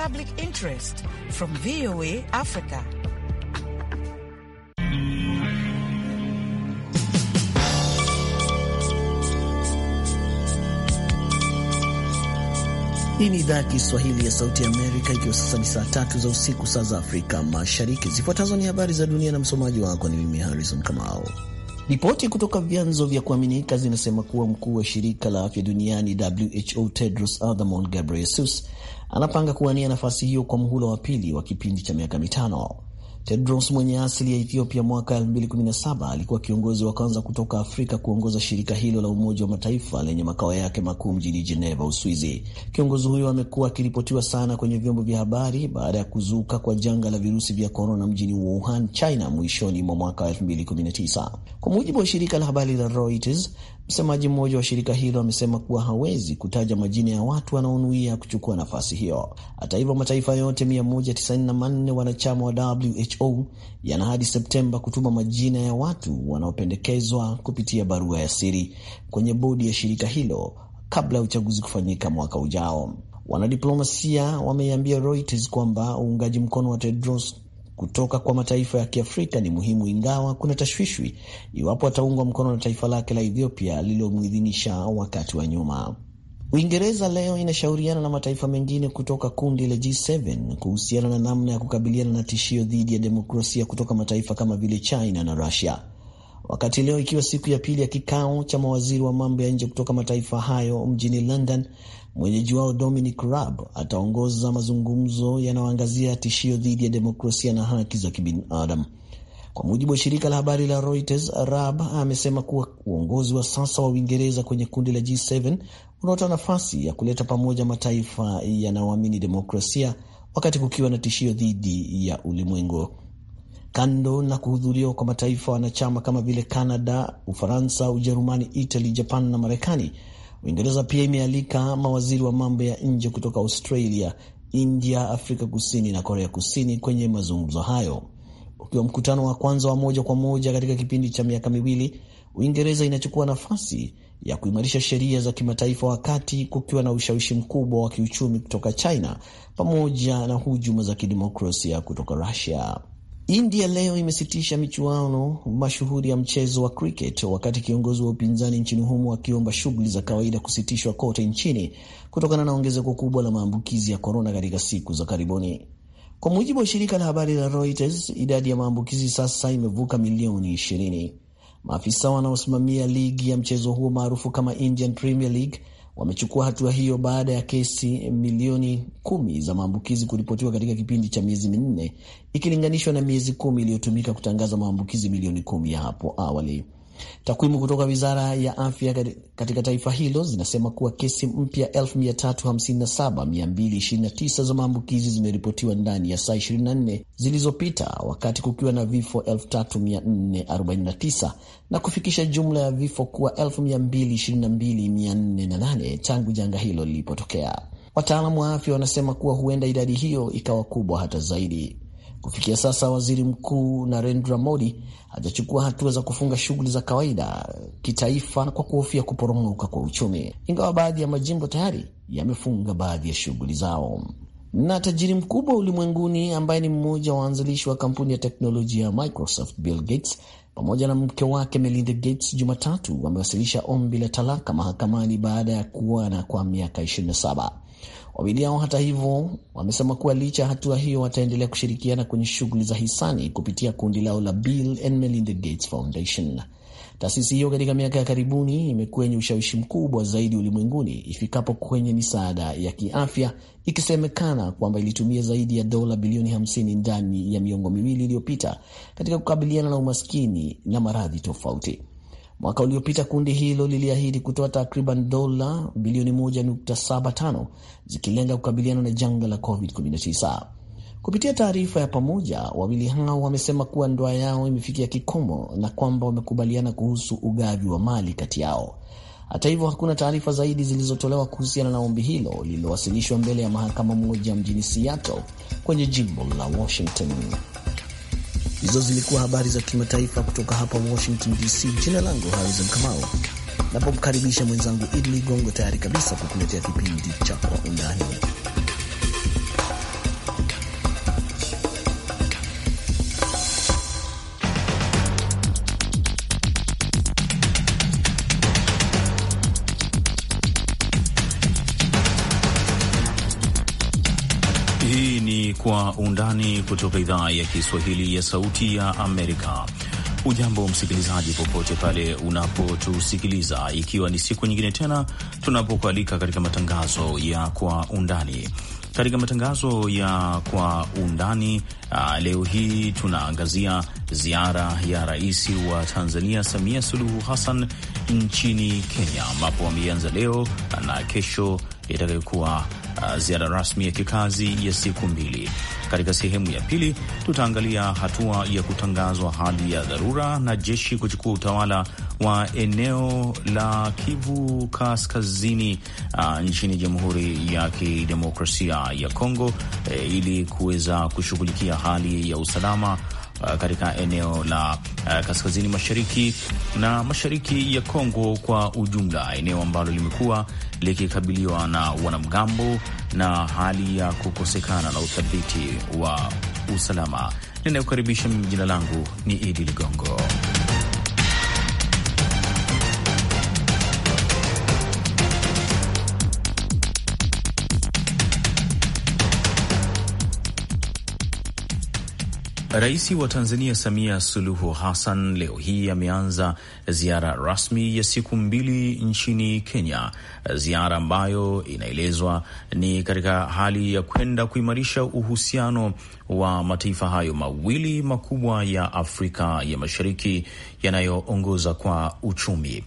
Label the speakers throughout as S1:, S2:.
S1: Public interest from VOA Africa.
S2: Hii ni idhaa ya Kiswahili ya Sauti ya Amerika, ikiwa sasa ni saa tatu za usiku, saa za Afrika Mashariki. Zifuatazo ni habari za dunia na msomaji wako ni mimi Harrison Kamao. Ripoti kutoka vyanzo vya kuaminika zinasema kuwa mkuu wa shirika la afya duniani WHO Tedros Adhanom Ghebreyesus anapanga kuwania nafasi hiyo kwa mhula wa pili wa kipindi cha miaka mitano. Tedros mwenye asili ya Ethiopia mwaka 2017 alikuwa kiongozi wa kwanza kutoka Afrika kuongoza shirika hilo la Umoja wa Mataifa lenye makao yake makuu mjini Geneva, Uswizi. Kiongozi huyo amekuwa akiripotiwa sana kwenye vyombo vya habari baada ya kuzuka kwa janga la virusi vya korona mjini Wuhan, China mwishoni mwa mwaka 2019, kwa mujibu wa shirika la habari la Reuters. Msemaji mmoja wa shirika hilo amesema kuwa hawezi kutaja majina ya watu wanaonuia kuchukua nafasi hiyo. Hata hivyo, mataifa yote 194 wanachama wa WHO yana hadi Septemba kutuma majina ya watu wanaopendekezwa kupitia barua ya siri kwenye bodi ya shirika hilo kabla ya uchaguzi kufanyika mwaka ujao. Wanadiplomasia wameiambia Reuters kwamba uungaji mkono wa Tedros kutoka kwa mataifa ya Kiafrika ni muhimu, ingawa kuna tashwishwi iwapo ataungwa mkono na taifa lake la Ethiopia lililomuidhinisha wakati wa nyuma. Uingereza leo inashauriana na mataifa mengine kutoka kundi la G7 kuhusiana na namna ya kukabiliana na tishio dhidi ya demokrasia kutoka mataifa kama vile China na Rusia wakati leo ikiwa siku ya pili ya kikao cha mawaziri wa mambo ya nje kutoka mataifa hayo mjini London, mwenyeji wao Dominic Raab ataongoza mazungumzo yanayoangazia tishio dhidi ya demokrasia na haki za kibinadamu. Kwa mujibu wa shirika la habari la Reuters, Raab amesema kuwa uongozi wa sasa wa Uingereza kwenye kundi la G7 unaotoa nafasi ya kuleta pamoja mataifa yanayoamini demokrasia wakati kukiwa na tishio dhidi ya ulimwengu Kando na kuhudhuriwa kwa mataifa wanachama kama vile Canada, Ufaransa, Ujerumani, Italy, Japan na Marekani, Uingereza pia imealika mawaziri wa mambo ya nje kutoka Australia, India, Afrika Kusini na Korea Kusini kwenye mazungumzo hayo, ukiwa mkutano wa kwanza wa moja kwa moja katika kipindi cha miaka miwili. Uingereza inachukua nafasi ya kuimarisha sheria za kimataifa wakati kukiwa na ushawishi mkubwa wa kiuchumi kutoka China pamoja na hujuma za kidemokrasia kutoka Rusia. India leo imesitisha michuano mashuhuri ya mchezo wa cricket wakati kiongozi wa upinzani nchini humo akiomba shughuli za kawaida kusitishwa kote nchini kutokana na ongezeko kubwa la maambukizi ya korona katika siku za karibuni. Kwa mujibu wa shirika la habari la Reuters, idadi ya maambukizi sasa imevuka milioni 20. Maafisa wanaosimamia ligi ya mchezo huo maarufu kama Indian Premier League wamechukua hatua hiyo baada ya kesi milioni kumi za maambukizi kuripotiwa katika kipindi cha miezi minne ikilinganishwa na miezi kumi iliyotumika kutangaza maambukizi milioni kumi ya hapo awali. Takwimu kutoka wizara ya afya katika taifa hilo zinasema kuwa kesi mpya 357229 za maambukizi zimeripotiwa ndani ya saa 24 zilizopita, wakati kukiwa na vifo 3449 na kufikisha jumla ya vifo kuwa 222408 tangu janga hilo lilipotokea. Wataalamu wa afya wanasema kuwa huenda idadi hiyo ikawa kubwa hata zaidi. Kufikia sasa waziri mkuu Narendra Modi hajachukua hatua za kufunga shughuli za kawaida kitaifa kwa kuhofia kuporomoka kwa uchumi, ingawa baadhi ya majimbo tayari yamefunga baadhi ya shughuli zao. Na tajiri mkubwa ulimwenguni ambaye ni mmoja wa waanzilishi wa kampuni ya teknolojia ya Microsoft, Bill Gates pamoja na mke wake Melinda Gates Jumatatu wamewasilisha ombi la talaka mahakamani baada ya kuoana kwa miaka 27. Wawili hao hata hivyo wamesema kuwa licha ya hatua hiyo wataendelea kushirikiana kwenye shughuli za hisani kupitia kundi lao la Bill and Melinda Gates Foundation. Taasisi hiyo katika miaka ya karibuni imekuwa yenye ushawishi mkubwa zaidi ulimwenguni ifikapo kwenye misaada ya kiafya, ikisemekana kwamba ilitumia zaidi ya dola bilioni 50 ndani ya miongo miwili iliyopita katika kukabiliana na umaskini na maradhi tofauti. Mwaka uliopita kundi hilo liliahidi kutoa takriban dola bilioni 1.75 zikilenga kukabiliana na janga la COVID-19. Kupitia taarifa ya pamoja, wawili hao wamesema kuwa ndoa yao imefikia kikomo na kwamba wamekubaliana kuhusu ugavi wa mali kati yao. Hata hivyo, hakuna taarifa zaidi zilizotolewa kuhusiana na ombi hilo lililowasilishwa mbele ya mahakama moja mjini Seattle kwenye jimbo la Washington. Hizo zilikuwa habari za kimataifa kutoka hapa Washington DC. Jina langu Harrison Kamau, napomkaribisha mwenzangu Idli Gongo tayari kabisa kukuletea kipindi cha Kwa Undani.
S3: undani kutoka idhaa ya Kiswahili ya Sauti ya Amerika. Ujambo msikilizaji, popote pale unapotusikiliza, ikiwa ni siku nyingine tena tunapokualika katika matangazo ya kwa undani katika matangazo ya kwa undani uh, leo hii tunaangazia ziara ya rais wa Tanzania Samia Suluhu Hassan nchini Kenya, ambapo ameanza leo na kesho itakayokuwa uh, ziara rasmi ya kikazi ya siku mbili. Katika sehemu ya pili, tutaangalia hatua ya kutangazwa hali ya dharura na jeshi kuchukua utawala wa eneo la Kivu Kaskazini uh, nchini Jamhuri ya Kidemokrasia ya Kongo e, ili kuweza kushughulikia hali ya usalama Uh, katika eneo la uh, kaskazini mashariki na mashariki ya Kongo kwa ujumla, eneo ambalo limekuwa likikabiliwa na wanamgambo na hali ya kukosekana na uthabiti wa usalama. Ninayokaribisha mimi, jina langu ni Idi Ligongo. Rais wa Tanzania Samia Suluhu Hassan leo hii ameanza ziara rasmi ya siku mbili nchini Kenya, ziara ambayo inaelezwa ni katika hali ya kwenda kuimarisha uhusiano wa mataifa hayo mawili makubwa ya Afrika ya Mashariki yanayoongoza kwa uchumi.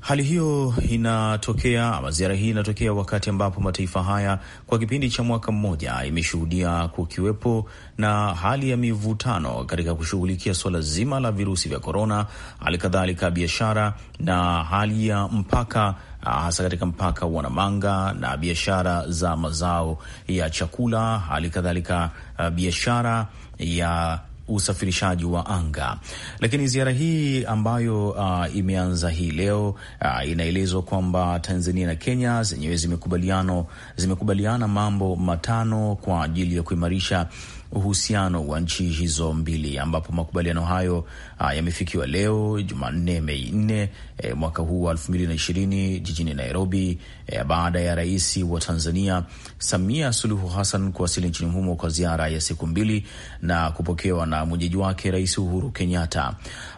S3: Hali hiyo inatokea ama ziara hii inatokea wakati ambapo mataifa haya kwa kipindi cha mwaka mmoja imeshuhudia kukiwepo na hali ya mivutano katika kushughulikia suala zima la virusi vya korona, halikadhalika biashara na hali ya mpaka ah, hasa katika mpaka wa Namanga na biashara za mazao ya chakula, hali kadhalika ah, biashara ya usafirishaji wa anga. Lakini ziara hii ambayo uh, imeanza hii leo uh, inaelezwa kwamba Tanzania na Kenya zenyewe zimekubaliano zimekubaliana mambo matano kwa ajili ya kuimarisha uhusiano wa nchi hizo mbili ambapo makubaliano hayo uh, yamefikiwa leo Jumanne, Mei nne e, mwaka huu wa elfu mbili na ishirini jijini Nairobi e, baada ya rais wa Tanzania Samia Suluhu Hassan kuwasili nchini humo kwa ziara ya siku mbili na kupokewa na mwenyeji wake Rais Uhuru Kenyatta.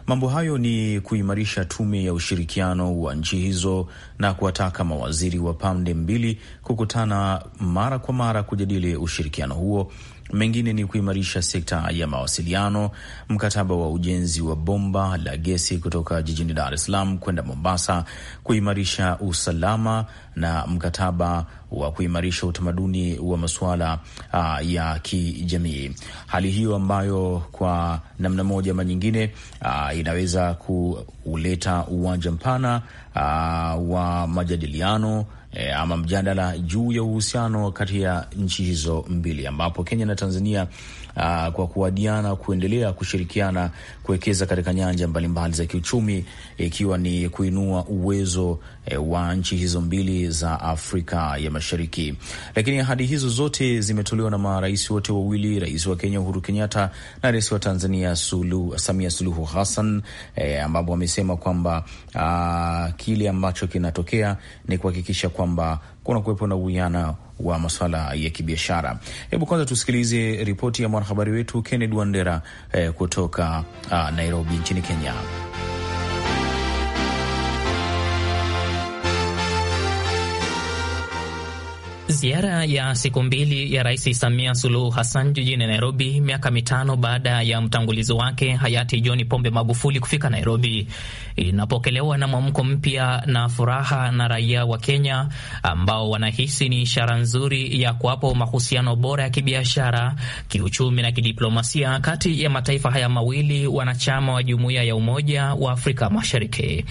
S3: Mambo hayo ni kuimarisha tume ya ushirikiano wa nchi hizo na kuwataka mawaziri wa pande mbili kukutana mara kwa mara kujadili ushirikiano huo Mengine ni kuimarisha sekta ya mawasiliano, mkataba wa ujenzi wa bomba la gesi kutoka jijini Dar es Salaam kwenda Mombasa, kuimarisha usalama na mkataba wa kuimarisha utamaduni wa masuala uh, ya kijamii. Hali hiyo ambayo kwa namna moja ama nyingine uh, inaweza kuleta uwanja mpana uh, wa majadiliano e, ama mjadala juu ya uhusiano kati ya nchi hizo mbili ambapo Kenya na Tanzania a, kwa kuadiana kuendelea kushirikiana kuwekeza katika nyanja mbalimbali za kiuchumi ikiwa e, ni kuinua uwezo e, wa nchi hizo mbili za Afrika ya Mashariki. Lakini ahadi hizo zote zimetolewa na marais wote wawili, rais wa Kenya Uhuru Kenyatta na rais wa Tanzania Sulu, Samia Suluhu Hassan e, ambapo wamesema kwamba kile ambacho kinatokea ni kuhakikisha kwa kwamba kuna kuwepo na uwiana wa masuala ya kibiashara. Hebu kwanza tusikilize ripoti ya mwanahabari wetu Kennedy Wandera eh, kutoka ah, Nairobi
S4: nchini Kenya. Ziara ya siku mbili ya Rais Samia Suluhu Hassan jijini Nairobi, miaka mitano baada ya mtangulizi wake hayati John Pombe Magufuli kufika Nairobi, inapokelewa na mwamko mpya na furaha na raia wa Kenya ambao wanahisi ni ishara nzuri ya kuwapo mahusiano bora ya kibiashara, kiuchumi na kidiplomasia kati ya mataifa haya mawili wanachama wa Jumuiya ya Umoja wa Afrika Mashariki.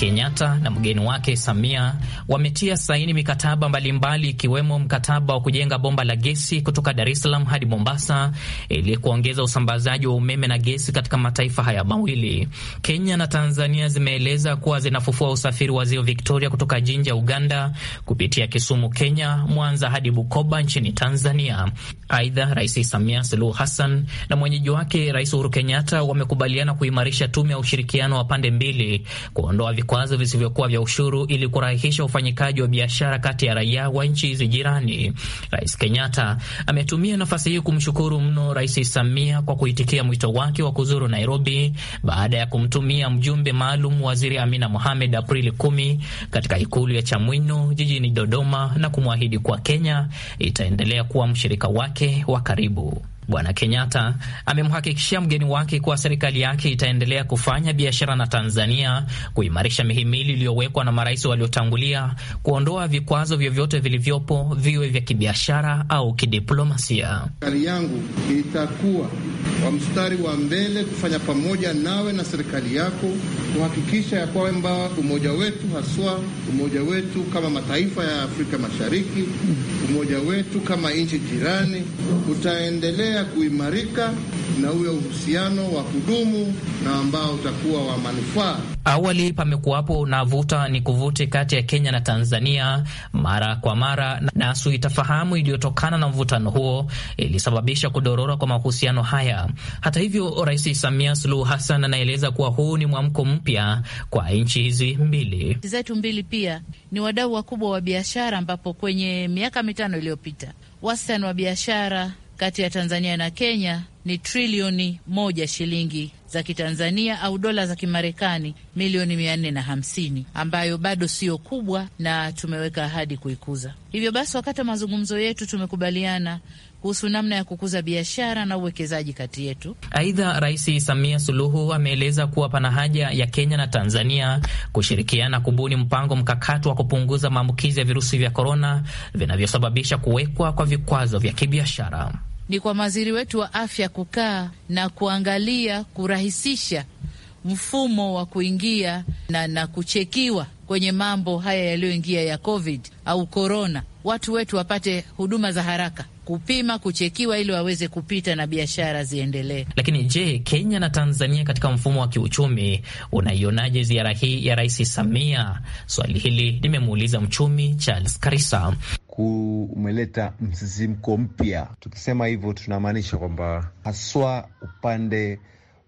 S4: Kenyatta na mgeni wake Samia wametia saini mikataba mbalimbali ikiwemo mbali mkataba wa kujenga bomba la gesi kutoka Dar es Salaam hadi Mombasa ili kuongeza usambazaji wa umeme na gesi katika mataifa haya mawili. Kenya na Tanzania zimeeleza kuwa zinafufua usafiri wa ziwa Victoria kutoka Jinja, Uganda, kupitia Kisumu, Kenya, Mwanza hadi Bukoba nchini Tanzania. Aidha, Rais Samia Suluhu Hassan na mwenyeji wake Rais Uhuru Kenyatta wamekubaliana kuimarisha tume ya ushirikiano wa pande mbili kuondoa vikwazo visivyokuwa vya ushuru ili kurahisisha ufanyikaji wa biashara kati ya raia wa nchi hizi jirani. Rais Kenyatta ametumia nafasi hii kumshukuru mno Rais Samia kwa kuitikia mwito wake wa kuzuru Nairobi baada ya kumtumia mjumbe maalum Waziri Amina Mohamed Aprili kumi katika ikulu ya Chamwino jijini Dodoma na kumwahidi kuwa Kenya itaendelea kuwa mshirika wake wa karibu. Bwana Kenyatta amemhakikishia mgeni wake kuwa serikali yake itaendelea kufanya biashara na Tanzania, kuimarisha mihimili iliyowekwa na marais waliotangulia, kuondoa vikwazo vyovyote vilivyopo, viwe vya kibiashara au kidiplomasia.
S5: Serikali yangu itakuwa wa mstari wa mbele kufanya pamoja nawe na serikali yako kuhakikisha ya kwamba umoja wetu haswa umoja wetu kama mataifa ya Afrika Mashariki, umoja wetu kama nchi jirani utaendelea tutaendelea kuimarika na uwe uhusiano wa kudumu na ambao utakuwa
S4: wa manufaa. Awali pamekuwapo na vuta ni kuvute kati ya Kenya na Tanzania mara kwa mara, na suitafahamu iliyotokana na mvutano huo ilisababisha kudorora kwa mahusiano haya. Hata hivyo, Rais Samia Suluhu Hassan anaeleza kuwa huu ni mwamko mpya kwa nchi hizi mbili
S1: zetu mbili, pia ni wadau wakubwa wa biashara, ambapo kwenye miaka mitano iliyopita wastani wa biashara kati ya Tanzania na Kenya ni trilioni moja shilingi za Kitanzania au dola za Kimarekani milioni mia nne na hamsini, ambayo bado siyo kubwa na tumeweka ahadi kuikuza. Hivyo basi, wakati wa mazungumzo yetu tumekubaliana kuhusu namna ya kukuza biashara na uwekezaji kati yetu.
S4: Aidha, Rais Samia Suluhu ameeleza kuwa pana haja ya Kenya na Tanzania kushirikiana kubuni mpango mkakati wa kupunguza maambukizi ya virusi vya korona vinavyosababisha kuwekwa kwa vikwazo vya kibiashara
S1: ni kwa mawaziri wetu wa afya kukaa na kuangalia kurahisisha mfumo wa kuingia na, na kuchekiwa kwenye mambo haya yaliyoingia ya COVID au korona, watu wetu wapate huduma za haraka kupima, kuchekiwa ili waweze kupita na biashara ziendelee.
S4: Lakini je, Kenya na Tanzania katika mfumo wa kiuchumi unaionaje ziara hii ya Rais Samia? Swali hili limemuuliza mchumi Charles Karisa.
S5: Umeleta msisimko mpya. Tukisema hivyo, tunamaanisha kwamba haswa upande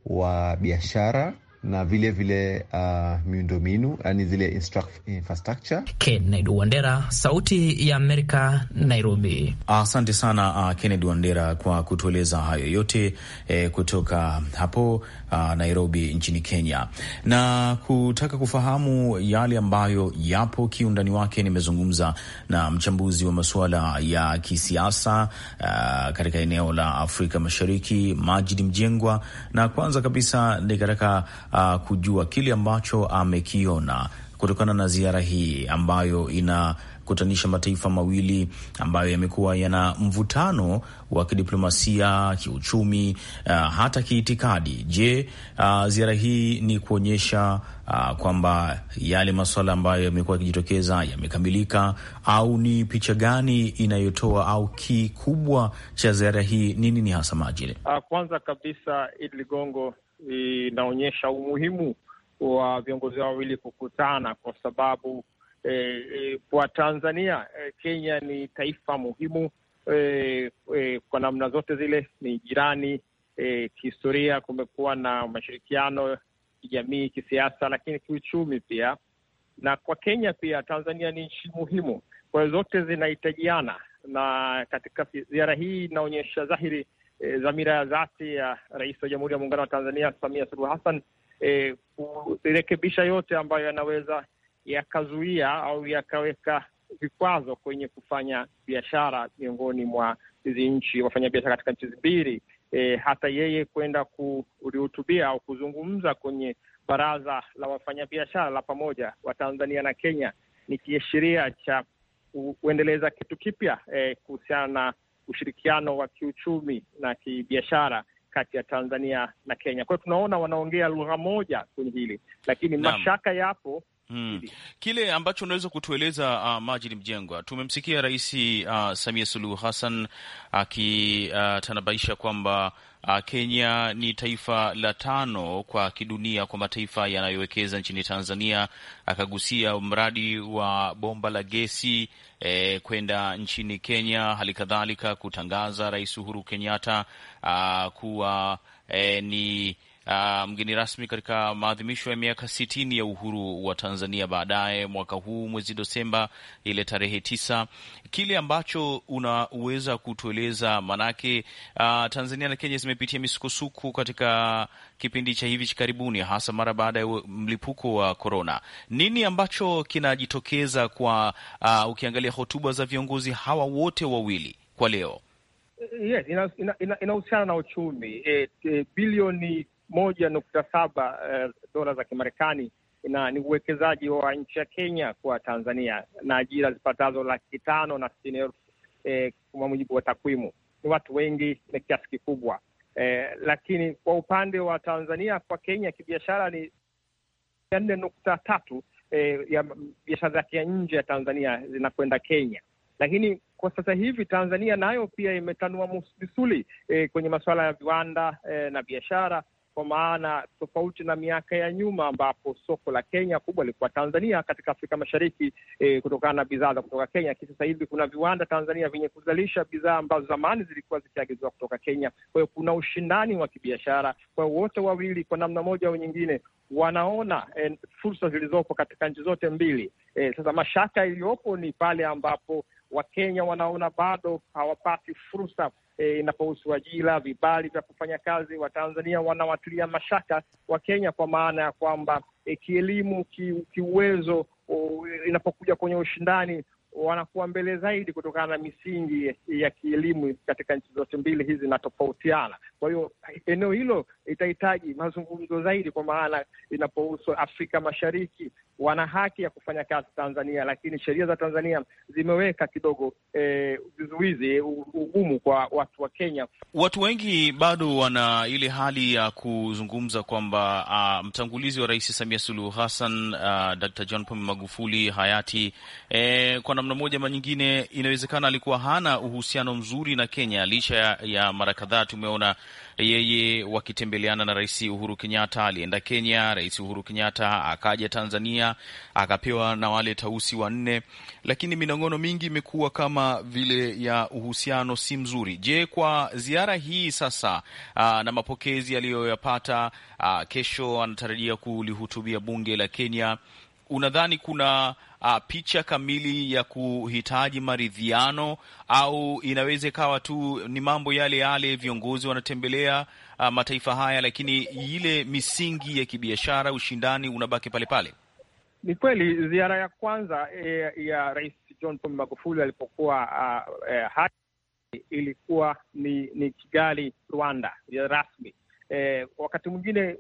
S5: wa biashara na vilevile uh, miundombinu yani zile infrastructure. Kennedy
S4: Wandera, Sauti ya Amerika, Nairobi.
S3: Asante sana uh, Kennedy Wandera kwa kutueleza hayo yote eh, kutoka hapo uh, Nairobi nchini Kenya. Na kutaka kufahamu yale ambayo yapo kiundani wake, nimezungumza na mchambuzi wa masuala ya kisiasa uh, katika eneo la Afrika Mashariki, Majid Mjengwa, na kwanza kabisa nikataka uh, kujua kile ambacho amekiona kutokana na ziara hii ambayo inakutanisha mataifa mawili ambayo yamekuwa yana mvutano wa kidiplomasia, kiuchumi, uh, hata kiitikadi. Je, uh, ziara hii ni kuonyesha uh, kwamba yale masuala ambayo yamekuwa yakijitokeza yamekamilika, au ni picha gani inayotoa, au kikubwa cha ziara hii nini ni hasa, Majid?
S6: Uh, kwanza kabisa Idi Ligongo, inaonyesha umuhimu wa viongozi hao wawili kukutana kwa sababu e, e, kwa Tanzania e, Kenya ni taifa muhimu e, e, kwa namna zote zile, ni jirani e, kihistoria, kumekuwa na mashirikiano kijamii, kisiasa, lakini kiuchumi pia. Na kwa Kenya pia, Tanzania ni nchi muhimu, kwa hiyo zote zinahitajiana, na katika ziara hii inaonyesha dhahiri e, eh, dhamira ya dhati ya eh, Rais wa Jamhuri ya Muungano wa Tanzania Samia Suluhu Hassan e, kurekebisha yote ambayo yanaweza yakazuia au yakaweka vikwazo kwenye kufanya biashara miongoni mwa hizi nchi, wafanyabiashara katika nchi mbili. E, hata yeye kwenda kulihutubia au kuzungumza kwenye baraza la wafanyabiashara la pamoja wa Tanzania na Kenya ni kiashiria cha kuendeleza kitu kipya e, kuhusiana na ushirikiano wa kiuchumi na kibiashara kati ya Tanzania na Kenya. Kwa hiyo tunaona wanaongea lugha moja kwenye hili, lakini Nam. mashaka yapo.
S3: Hmm. Kile ambacho unaweza kutueleza uh, Majid Mjengwa, tumemsikia Rais uh, Samia Suluhu Hassan akitanabaisha uh, kwamba Ah, Kenya ni taifa la tano kwa kidunia kwa mataifa yanayowekeza nchini Tanzania. Akagusia mradi wa bomba la gesi e, kwenda nchini Kenya, hali kadhalika kutangaza Rais Uhuru Kenyatta a, ah, kuwa e, ni uh, mgeni rasmi katika maadhimisho ya miaka sitini ya uhuru wa Tanzania baadaye mwaka huu mwezi Desemba, ile tarehe tisa. Kile ambacho unaweza kutueleza maanake, uh, ah, Tanzania na Kenya zimepitia misukosuko katika kipindi cha hivi karibuni, hasa mara baada ya mlipuko wa korona. Nini ambacho kinajitokeza kwa uh, ukiangalia hotuba za viongozi hawa wote wawili kwa leo?
S6: Yes, inahusiana ina, ina, ina na uchumi e, e, bilioni moja nukta saba eh, dola za Kimarekani na ni uwekezaji wa nchi ya Kenya kwa Tanzania na ajira zipatazo laki tano na sitini elfu eh, kwa mujibu wa takwimu. Ni watu wengi na kiasi kikubwa eh, lakini kwa upande wa Tanzania kwa Kenya kibiashara ni nne nukta tatu eh, ya biashara zake ya nje ya Tanzania zinakwenda Kenya, lakini kwa sasa hivi Tanzania nayo pia imetanua misuli eh, kwenye masuala ya viwanda eh, na biashara kwa maana tofauti na miaka ya nyuma ambapo soko la Kenya kubwa lilikuwa Tanzania katika Afrika Mashariki e, kutokana na bidhaa za kutoka Kenya. Sasa hivi kuna viwanda Tanzania vyenye kuzalisha bidhaa ambazo zamani zilikuwa zikiagizwa kutoka Kenya. Kwa hiyo kuna ushindani wa kibiashara. Kwa hiyo wote wawili kwa namna moja au nyingine wanaona eh, fursa zilizopo katika nchi zote mbili. Eh, sasa mashaka iliyopo ni pale ambapo Wakenya wanaona bado hawapati fursa e, inapohusu ajira, vibali vya kufanya kazi. Watanzania wanawatilia mashaka Wakenya kwa maana ya kwamba e, kielimu, kiuwezo, inapokuja kwenye ushindani wanakuwa mbele zaidi kutokana na misingi ya kielimu katika nchi zote mbili hizi inatofautiana. Kwa hiyo eneo hilo itahitaji mazungumzo zaidi, kwa maana inapohusu Afrika Mashariki wana haki ya kufanya kazi Tanzania, lakini sheria za Tanzania zimeweka kidogo eh, vizuizi ugumu kwa watu wa Kenya. Watu
S3: wengi bado wana ile hali ya kuzungumza kwamba uh, mtangulizi wa Rais Samia Suluhu Hassan, uh, Dr. John Pombe Magufuli hayati, eh, kwa namna moja ama nyingine, inawezekana alikuwa hana uhusiano mzuri na Kenya licha ya, ya mara kadhaa tumeona yeye wakitembeleana na Rais Uhuru Kenyatta. Alienda Kenya, Rais Uhuru Kenyatta akaja Tanzania, akapewa na wale tausi wanne, lakini minong'ono mingi imekuwa kama vile ya uhusiano si mzuri. Je, kwa ziara hii sasa aa, na mapokezi aliyoyapata, kesho anatarajia kulihutubia bunge la Kenya, unadhani kuna uh, picha kamili ya kuhitaji maridhiano, au inaweza ikawa tu ni mambo yale yale, viongozi wanatembelea uh, mataifa haya, lakini ile misingi ya kibiashara, ushindani unabaki pale pale?
S6: Ni kweli ziara ya kwanza ya, eh, ya Rais John Pombe Magufuli alipokuwa uh, eh, ilikuwa ni, ni Kigali, Rwanda ya rasmi. Eh, wakati mwingine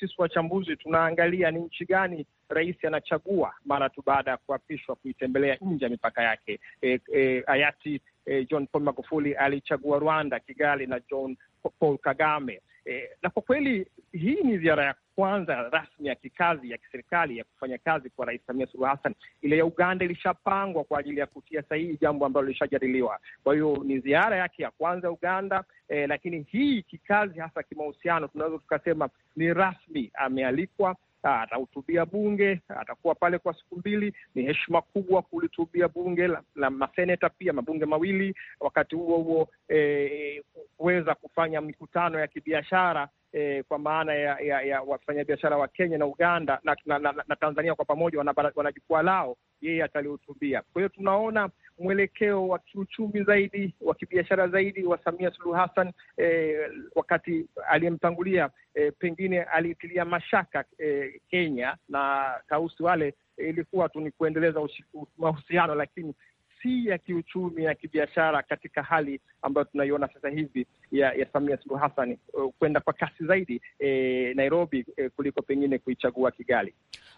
S6: sisi wachambuzi tunaangalia ni nchi gani rais anachagua mara tu baada ya kuapishwa kuitembelea nje ya mipaka yake. E, e, hayati e, John paul Magufuli alichagua Rwanda, Kigali na John Paul Kagame. E, na kwa kweli hii ni ziara ya kwanza rasmi ya kikazi ya kiserikali ya kufanya kazi kwa Rais Samia Suluhu Hassan. Ile ya Uganda ilishapangwa kwa ajili ya kutia sahihi, jambo ambalo lilishajadiliwa. Kwa hiyo ni ziara yake ya kwanza Uganda, e, lakini hii kikazi, hasa kimahusiano, tunaweza tukasema ni rasmi, amealikwa atahutubia bunge, atakuwa pale kwa siku mbili. Ni heshima kubwa kulitubia bunge la, la maseneta pia mabunge mawili, wakati huo huo eh, kuweza kufanya mikutano ya kibiashara eh, kwa maana ya, ya, ya wafanyabiashara wa Kenya na Uganda na, na, na, na Tanzania kwa pamoja wana jukwaa lao yeye atalihutubia. Kwa hiyo tunaona mwelekeo wa kiuchumi zaidi wa kibiashara zaidi wa Samia Suluhu Hassan eh, wakati aliyemtangulia eh, pengine aliitilia mashaka eh, Kenya na Tausi wale ilikuwa tu ni kuendeleza mahusiano, lakini si ya kiuchumi ya kibiashara katika hali ambayo tunaiona sasa hivi ya, ya Samia Suluhu Hassan uh, kwenda kwa kasi zaidi e, Nairobi e, kuliko pengine kuichagua Kigali.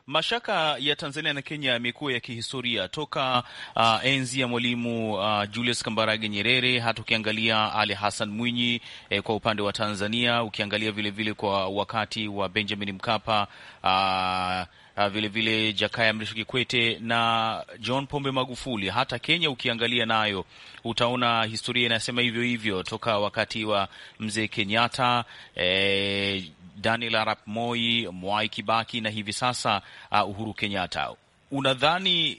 S3: Mashaka ya Tanzania na Kenya yamekuwa ya kihistoria toka uh, enzi ya Mwalimu uh, Julius Kambarage Nyerere, hata ukiangalia Ali Hassan Mwinyi eh, kwa upande wa Tanzania, ukiangalia vilevile vile kwa wakati wa Benjamin Mkapa uh, vilevile ah, Jakaya Mrisho Kikwete na John Pombe Magufuli. Hata Kenya ukiangalia nayo utaona historia inasema hivyo hivyo toka wakati wa mzee Kenyatta, eh, Daniel Arap Moi, Mwai Kibaki na hivi sasa uh, Uhuru Kenyatta. Unadhani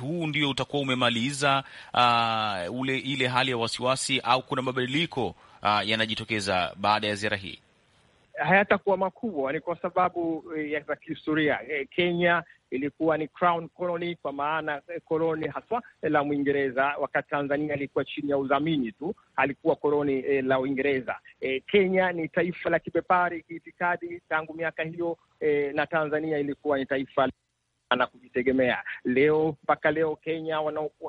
S3: huu ndio utakuwa umemaliza uh, ule ile hali ya wasiwasi au kuna mabadiliko uh, yanajitokeza baada ya ziara hii?
S6: hayatakuwa makubwa, ni kwa sababu eh, ya za kihistoria eh, Kenya ilikuwa ni crown colony, kwa maana koloni eh, haswa la Mwingereza, wakati Tanzania ilikuwa chini ya udhamini tu, halikuwa koloni eh, la Uingereza. Eh, Kenya ni taifa la kibepari kiitikadi tangu miaka hiyo eh, na Tanzania ilikuwa ni taifa na kujitegemea. Leo mpaka leo Kenya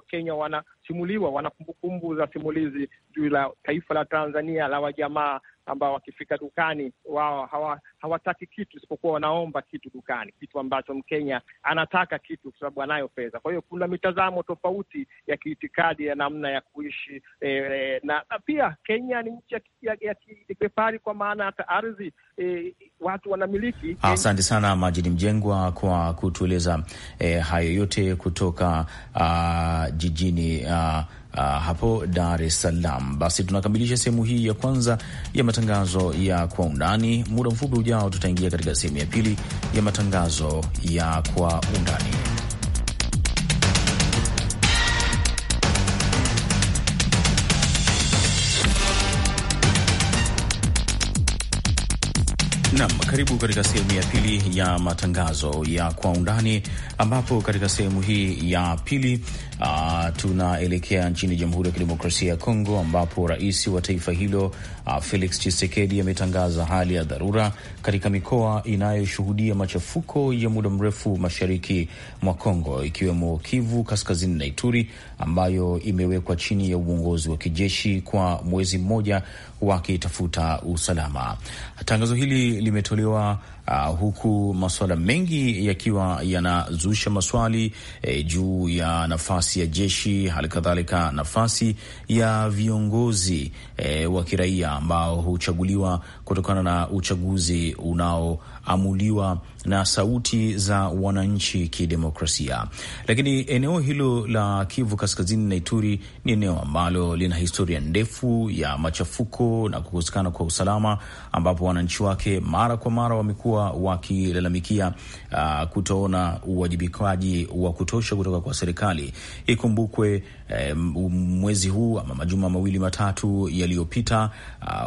S6: Kenya wanasimuliwa, wana kumbukumbu za simulizi juu la taifa la Tanzania la wajamaa ambao wakifika dukani wao hawa, hawataki kitu isipokuwa wanaomba kitu dukani, kitu ambacho Mkenya anataka kitu kwa sababu anayo fedha. Kwa hiyo kuna mitazamo tofauti ya kiitikadi ya namna ya kuishi e, e na, na pia Kenya ni nchi ya kifahari kwa maana hata ardhi e, watu wanamiliki. Asante
S3: sana Majini Mjengwa kwa kutueleza e, hayo yote kutoka a, jijini a, uh, hapo Dar es Salaam. Basi tunakamilisha sehemu hii ya kwanza ya matangazo ya kwa undani. Muda mfupi ujao, tutaingia katika sehemu ya pili ya matangazo ya kwa undani. Nam, karibu katika sehemu ya pili ya matangazo ya kwa undani, ambapo katika sehemu hii ya pili uh, tunaelekea nchini Jamhuri ya Kidemokrasia ya Kongo, ambapo rais wa taifa hilo uh, Felix Tshisekedi ametangaza hali ya dharura katika mikoa inayoshuhudia machafuko ya muda mrefu mashariki mwa Kongo, ikiwemo Kivu Kaskazini na Ituri, ambayo imewekwa chini ya uongozi wa kijeshi kwa mwezi mmoja wakitafuta usalama. Tangazo hili limetolewa uh, huku masuala mengi yakiwa yanazusha maswali e, juu ya nafasi ya jeshi, hali kadhalika nafasi ya viongozi e, wa kiraia ambao huchaguliwa kutokana na uchaguzi unaoamuliwa na sauti za wananchi kidemokrasia. Lakini eneo hilo la Kivu Kaskazini na Ituri ni eneo ambalo lina historia ndefu ya machafuko na kukosekana kwa usalama, ambapo wananchi wake mara kwa mara wamekuwa wakilalamikia uh, kutoona uwajibikaji wa kutosha kutoka kwa serikali. Ikumbukwe eh, mwezi huu ama majuma mawili matatu yaliyopita,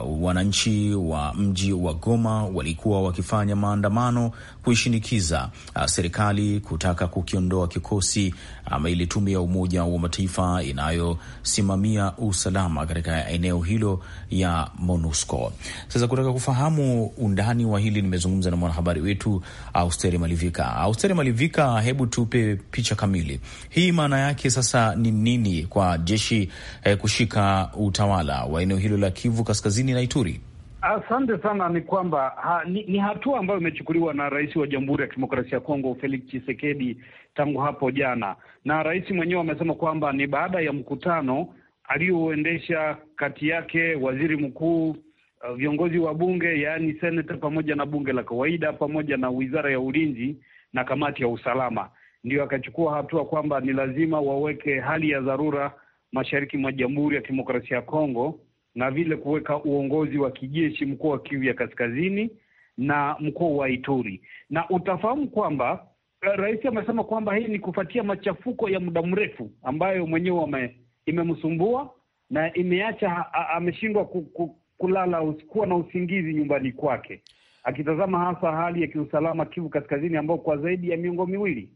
S3: uh, wananchi wa mji wa Goma walikuwa wakifanya maandamano kuishinikiza uh, serikali kutaka kukiondoa kikosi ama ile tume ya Umoja wa Mataifa inayosimamia usalama katika eneo hilo ya MONUSCO. Sasa kutaka kufahamu undani wa hili, nimezungumza na mwanahabari wetu Austeri Malivika. Austeri Malivika, hebu tupe picha kamili. Hii maana yake sasa ni nini kwa jeshi eh, kushika utawala wa eneo hilo la Kivu Kaskazini na Ituri?
S7: Asante sana. Ni kwamba ha, ni, ni hatua ambayo imechukuliwa na rais wa Jamhuri ya Kidemokrasia ya Kongo Felix Tshisekedi tangu hapo jana, na rais mwenyewe amesema kwamba ni baada ya mkutano aliyoendesha kati yake waziri mkuu, uh, viongozi wa bunge yaani seneta pamoja na bunge la kawaida pamoja na wizara ya ulinzi na kamati ya usalama, ndio akachukua hatua kwamba ni lazima waweke hali ya dharura mashariki mwa Jamhuri ya Kidemokrasia ya Kongo na vile kuweka uongozi wa kijeshi mkoa wa Kivu ya Kaskazini na mkoa wa Ituri. Na utafahamu kwamba eh, rais amesema kwamba hii ni kufuatia machafuko ya muda mrefu ambayo mwenyewe imemsumbua na imeacha ameshindwa ku, ku, kulala kuwa na usingizi nyumbani kwake, akitazama hasa hali ya kiusalama Kivu Kaskazini ambao kwa zaidi ya miongo miwili,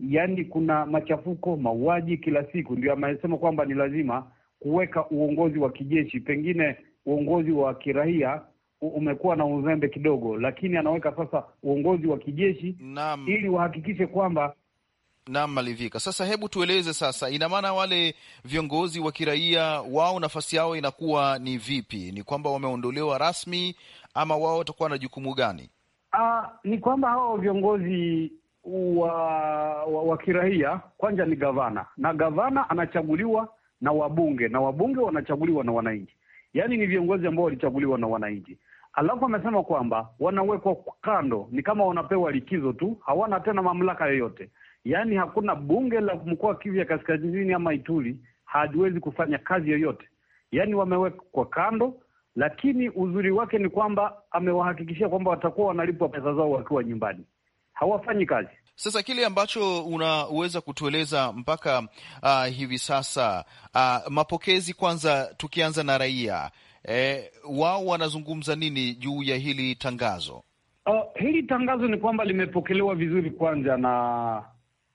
S7: yaani kuna machafuko, mauaji kila siku. Ndio amesema kwamba ni lazima kuweka uongozi wa kijeshi, pengine uongozi wa kiraia umekuwa na uzembe kidogo, lakini anaweka sasa uongozi wa kijeshi Naam. ili wahakikishe kwamba
S5: Naam, malivika. Sasa hebu tueleze sasa, ina maana wale viongozi wa kiraia wao nafasi yao inakuwa ni vipi? Ni kwamba wameondolewa rasmi ama wao watakuwa na jukumu gani?
S7: Aa, ah, ni kwamba hao viongozi wa, wa, wa kiraia kwanza ni gavana na gavana anachaguliwa na wabunge, na wabunge wanachaguliwa na wananchi, yaani ni viongozi ambao walichaguliwa na wananchi. Alafu amesema kwamba wanawekwa kando, ni kama wanapewa likizo tu, hawana tena mamlaka yoyote. Yaani hakuna bunge la mkoa Kivu ya Kaskazini ama Ituri haliwezi kufanya kazi yoyote, yaani wamewekwa kando. Lakini uzuri wake ni kwamba amewahakikishia kwamba watakuwa wanalipwa pesa zao wakiwa nyumbani hawafanyi kazi.
S5: Sasa kile ambacho unaweza kutueleza mpaka uh, hivi sasa uh, mapokezi kwanza, tukianza na raia eh, wao wanazungumza nini juu ya hili tangazo?
S7: Uh, hili tangazo ni kwamba limepokelewa vizuri kwanza na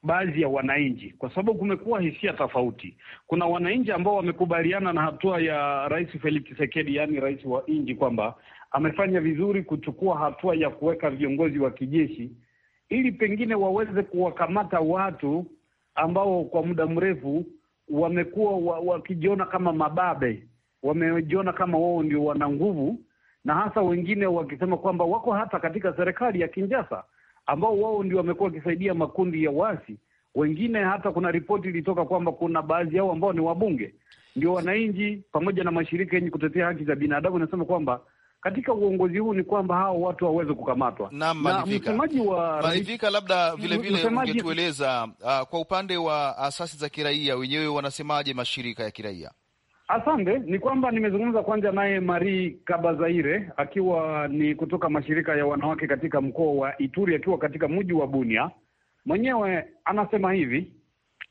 S7: baadhi ya wananchi, kwa sababu kumekuwa hisia tofauti. Kuna wananchi ambao wamekubaliana na hatua ya Rais Felix Tshisekedi, yaani rais wa nchi, kwamba amefanya vizuri kuchukua hatua ya kuweka viongozi wa kijeshi ili pengine waweze kuwakamata watu ambao kwa muda mrefu wamekuwa wakijiona kama mababe, wamejiona kama wao ndio wana nguvu, na hasa wengine wakisema kwamba wako hata katika serikali ya Kinjasa ambao wao ndio wamekuwa wakisaidia makundi ya wasi. Wengine hata kuna ripoti ilitoka kwamba kuna baadhi yao ambao ni wabunge ndio wananchi pamoja na mashirika yenye kutetea haki za binadamu nasema kwamba katika uongozi huu ni kwamba hao watu hawawezi kukamatwa. Na msemaji wa Marivika,
S5: labda vile ungetueleza uh, kwa upande wa asasi za kiraia wenyewe wanasemaje, mashirika ya kiraia?
S7: Asante, ni kwamba nimezungumza kwanza naye Marie Kabazaire akiwa ni kutoka mashirika ya wanawake katika mkoa wa Ituri, akiwa katika mji wa Bunia. Mwenyewe anasema hivi: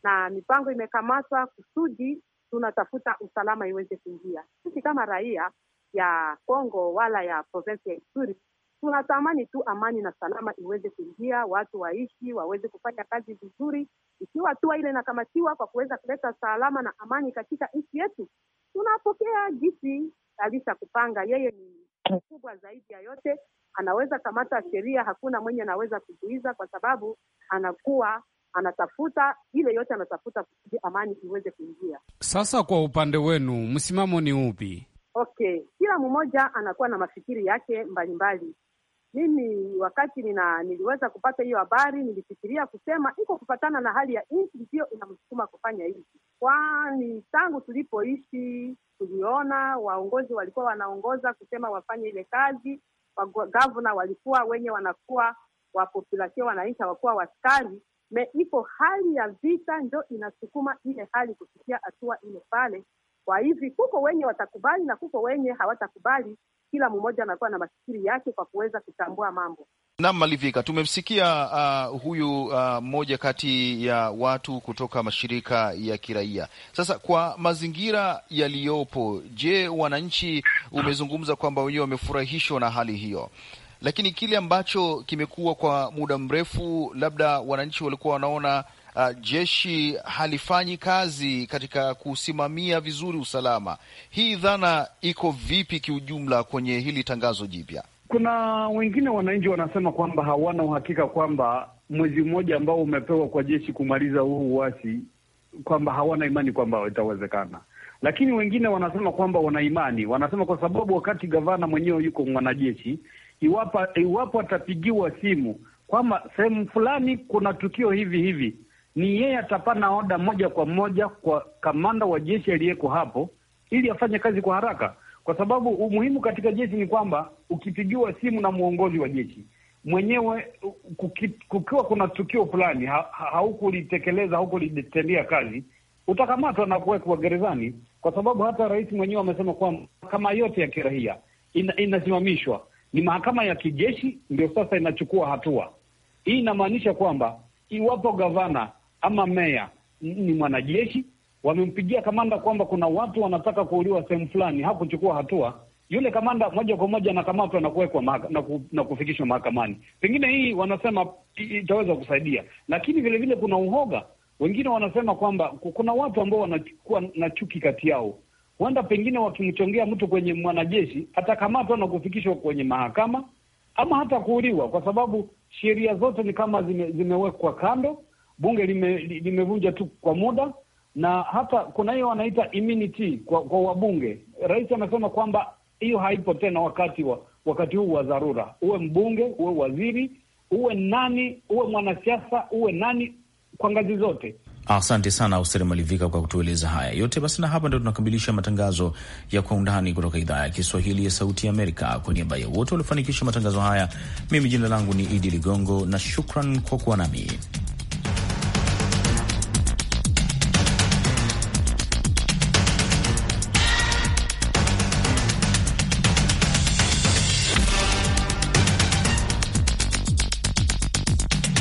S8: na mipango imekamatwa kusudi tunatafuta usalama iweze kuingia. Sisi kama raia ya Kongo wala ya provensi ya Ituri. Tunatamani tu amani na salama iweze kuingia, watu waishi, waweze kufanya kazi vizuri. Ikiwa hatua ile inakamatiwa kwa kuweza kuleta salama na amani katika nchi yetu, tunapokea jinsi alisha kupanga. Yeye ni mkubwa zaidi ya yote, anaweza kamata sheria, hakuna mwenye anaweza kuzuiza, kwa sababu anakuwa anatafuta ile yote, anatafuta kusudi amani iweze kuingia.
S7: Sasa kwa upande wenu, msimamo ni upi?
S8: Okay, kila mmoja anakuwa na mafikiri yake mbalimbali. Mimi wakati nina, niliweza kupata hiyo habari nilifikiria kusema iko kufatana na hali ya nchi ndiyo inamsukuma kufanya hivi, kwani tangu tulipoishi tuliona waongozi walikuwa wanaongoza kusema wafanye ile kazi, wagavana walikuwa wenye wanakuwa wapopulasio wananchi wakuwa waskari me, iko hali ya vita ndio inasukuma ile hali kufikia hatua ile pale kwa hivi kuko wenye watakubali na kuko wenye hawatakubali. Kila mmoja anakuwa na mafikiri yake kwa kuweza kutambua mambo.
S5: nam Malivika, tumemsikia uh, huyu uh, mmoja kati ya watu kutoka mashirika ya kiraia. Sasa kwa mazingira yaliyopo, je, wananchi, umezungumza kwamba wenyewe wamefurahishwa na hali hiyo, lakini kile ambacho kimekuwa kwa muda mrefu, labda wananchi walikuwa wanaona uh, jeshi halifanyi kazi katika kusimamia vizuri usalama. Hii dhana iko vipi kiujumla kwenye hili tangazo jipya?
S7: Kuna wengine wananchi wanasema kwamba hawana uhakika kwamba mwezi mmoja ambao umepewa kwa jeshi kumaliza huu uasi, kwamba hawana imani kwamba itawezekana, lakini wengine wanasema kwamba wana imani. Wanasema kwa sababu wakati gavana mwenyewe yuko mwanajeshi, iwapo iwapo atapigiwa simu kwamba sehemu fulani kuna tukio hivi hivi, ni yeye atapana oda moja kwa moja kwa kamanda wa jeshi aliyeko hapo, ili afanye kazi kwa haraka, kwa sababu umuhimu katika jeshi ni kwamba ukipigiwa simu na mwongozi wa jeshi mwenyewe kukiwa kuna tukio fulani ha, haukulitekeleza haukulitendea kazi, utakamatwa na kuwekwa gerezani, kwa sababu hata rais mwenyewe amesema kwamba mahakama yote ya kiraia ina, inasimamishwa. Ni mahakama ya kijeshi ndio sasa inachukua hatua hii. Inamaanisha kwamba iwapo gavana ama meya ni mwanajeshi, wamempigia kamanda kwamba kuna watu wanataka kuuliwa sehemu fulani, hakuchukua hatua, yule kamanda moja kwa moja anakamatwa na kuwekwa na, ku, na kufikishwa mahakamani. Pengine hii wanasema itaweza kusaidia, lakini vile vile kuna uhoga. Wengine wanasema kwamba kuna watu ambao wanakuwa na chuki kati yao, huenda pengine wakimchongea mtu kwenye mwanajeshi atakamatwa na kufikishwa kwenye mahakama ama hata kuuliwa, kwa sababu sheria zote ni kama zime, zimewekwa kando bunge limevunja lime tu kwa muda, na hata kuna hiyo wanaita immunity kwa, kwa wabunge. Rais amesema kwamba hiyo haipo tena wakati wa wakati huu wa dharura, uwe mbunge, uwe waziri, uwe nani, uwe mwanasiasa, uwe nani, kwa ngazi zote.
S3: Asante sana Austeri Malivika kwa kutueleza haya yote. Basi na hapa ndo tunakamilisha matangazo ya Kwa Undani kutoka idhaa ya Kiswahili ya Sauti Amerika. Kwa niaba ya wote waliofanikisha matangazo haya, mimi jina langu ni Idi Ligongo na shukran kwa kuwa nami.